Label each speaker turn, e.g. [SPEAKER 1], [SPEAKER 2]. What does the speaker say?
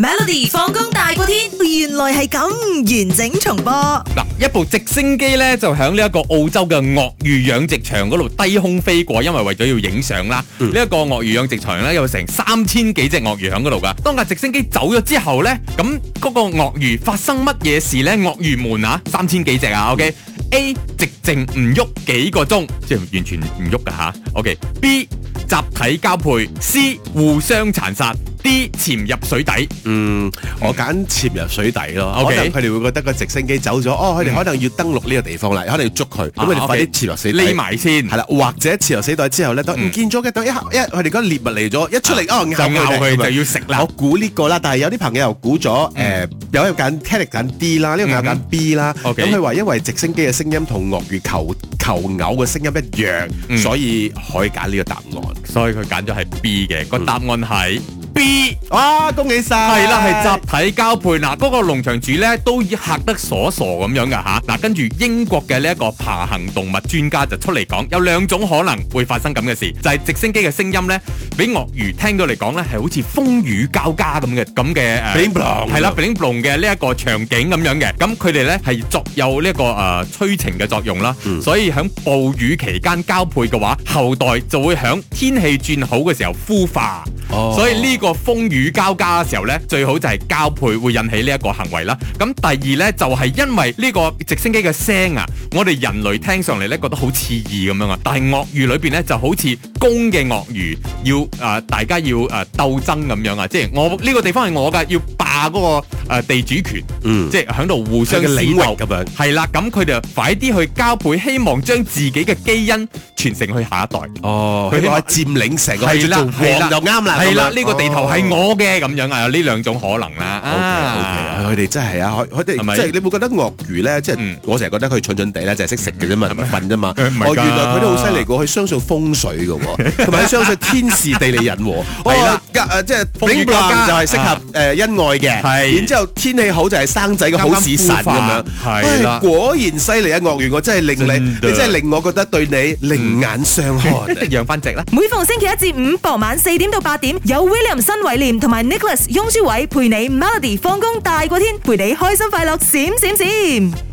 [SPEAKER 1] Melody 放工大過天，原來係咁完整重播。嗱，一部直升機咧就響呢一個澳洲嘅鱷魚養殖場嗰度低空飛過，因為為咗要影相啦。呢一、嗯、個鱷魚養殖場咧有成三千幾隻鱷魚響嗰度噶。當架直升機走咗之後咧，咁嗰個鱷魚發生乜嘢事咧？鱷魚們啊，三千幾隻啊。OK，A，直靜唔喐幾個鐘，即係完全唔喐噶吓。OK，B，集體交配，C，互相殘殺。啲潛入水底，嗯，我揀潛入水底咯。可能佢
[SPEAKER 2] 哋會覺得個直升機走咗，哦，佢哋可能要登陸呢個地方啦，可能要捉佢，咁佢哋快啲潛落水，匿埋先。係啦，或者潛落水底之後咧，都唔見咗嘅，一嚇一，佢哋覺得獵物嚟咗，一出嚟哦，咬佢就要食啦。我估呢個啦，但係有啲朋友又估咗，誒，有嘅揀，caty 揀 D 啦，呢個又揀 B 啦。咁佢話因為直升機嘅聲音同鱷魚求求偶嘅聲音一樣，所以可以揀呢個
[SPEAKER 1] 答案，所以佢揀咗係 B 嘅個答案係。B 啊，恭喜晒，係啦，係集體交配嗱，嗰、那個農場主咧都已嚇得傻傻咁樣嘅吓，嗱、啊，跟住英國嘅呢一個爬行動物專家就出嚟講，有兩種可能會發生咁嘅事，就係、是、直升機嘅聲音咧，俾鱷魚聽到嚟講咧，係好似風雨交加咁嘅咁嘅誒 bling blong 係啦，bling blong 嘅呢一個場景咁樣嘅，咁佢哋咧係作有呢、這、一個誒、呃、催情嘅作用啦，嗯、所以喺暴雨期間交配嘅話，後代就會喺天氣轉好嘅時候孵化，oh. 所以呢、這個。個風雨交加嘅時候呢，最好就係交配會引起呢一個行為啦。咁、嗯、第二呢，就係、是、因為呢個直升機嘅聲啊，我哋人類聽上嚟呢覺得好刺耳咁樣啊。但係鱷魚裏邊呢，就好似公嘅鱷魚要誒、呃，大家要誒、呃、鬥爭咁樣啊。即係我呢、這個地方係我嘅要。下嗰個誒地主權，嗯，即係響度互相嘅領域咁樣，係啦，咁佢哋就快啲去交配，希望將自己嘅基因傳承去下一代。哦，佢哋話
[SPEAKER 2] 佔領成個係啦，係啦就啱啦，係啦，呢個地頭係我嘅
[SPEAKER 1] 咁樣啊，有呢兩種可
[SPEAKER 2] 能啦。啊，佢哋真係啊，佢佢哋即係你會覺得鱷魚咧，即係我成日覺得佢蠢蠢地咧，就係識食嘅啫嘛，瞓啫嘛。哦，原來佢哋好犀利嘅，佢相信風水㗎喎，同埋佢相信天時地利人和。係啦。誒、啊、即係風雨就係適合誒、啊呃、恩愛嘅，然之後天氣好就係生仔嘅好時辰咁樣，係、哎、果然犀利啊！鱷魚我真係令你，真你真係令我覺得對你另眼相看，一定養翻隻啦。每逢星期一至五傍晚四點到八點，有 William 新維廉同埋 Nicholas 雍舒偉陪你 Melody 放工大過天，陪你開心快樂閃閃閃閃。